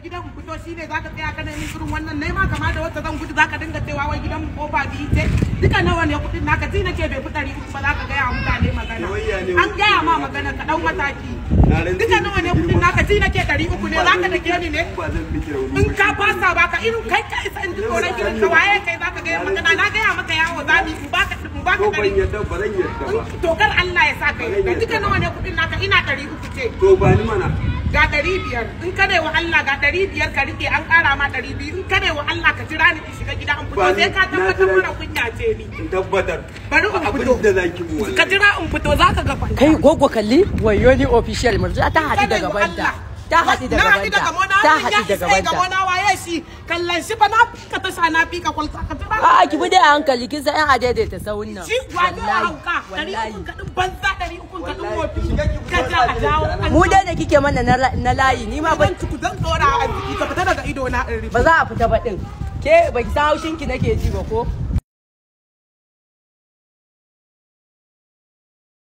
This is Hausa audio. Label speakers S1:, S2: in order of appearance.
S1: gidan fito shine za ka tsaya kana yin irin wannan ne kama da wata zan gudu za ka dinga cewa wai gidan kofa biyu ce duka nawa ne kuɗin naka ji nake bai fi ɗari ba za ka gaya mutane magana an gaya ma magana ka ɗau mataki duka nawa ne kuɗin naka ji nake ɗari uku ne za ka dake ni ne in ka fasa ba ka irin kai kai san ji tsoron irin ka waye kai za ka gaya magana na gaya maka yawo za mu yi ba ka ɗari to kar Allah ya sa kai duka nawa ne kuɗin ina ɗari uku ce. To ba ni mana. Ga ɗari biyar in ka wa Allah ga ɗari biyar ka rike an ƙara ma ɗari biyu in ka wa Allah ka jira ni ki shiga gida an fito sai ka tabbatar mana kunya ce ni. In Tabbatar. Bari in fito. Abin da za ki mu Ka jira in fito za ka ga
S2: fanta. Kai gogo kalli wayo ni official murja ta hadi daga banda. Ta hadi daga banda. Ta hadi daga banda.
S3: shi kallon ba na fika ta sha na fika kwalta ka tura a ki bi dai
S4: a hankali kin san yan adaidaita ta sauyin nan shi wani hauka
S3: dari ukun kadin banza dari
S1: ukun kadin wofi ka ja
S3: a jawo.
S4: mu dai da kike mana na layi ni ma ban tuku dan tsora a jiki ka fita daga ido na in ba za a fita ba ɗin ke ba ki san haushin ki nake ji ba ko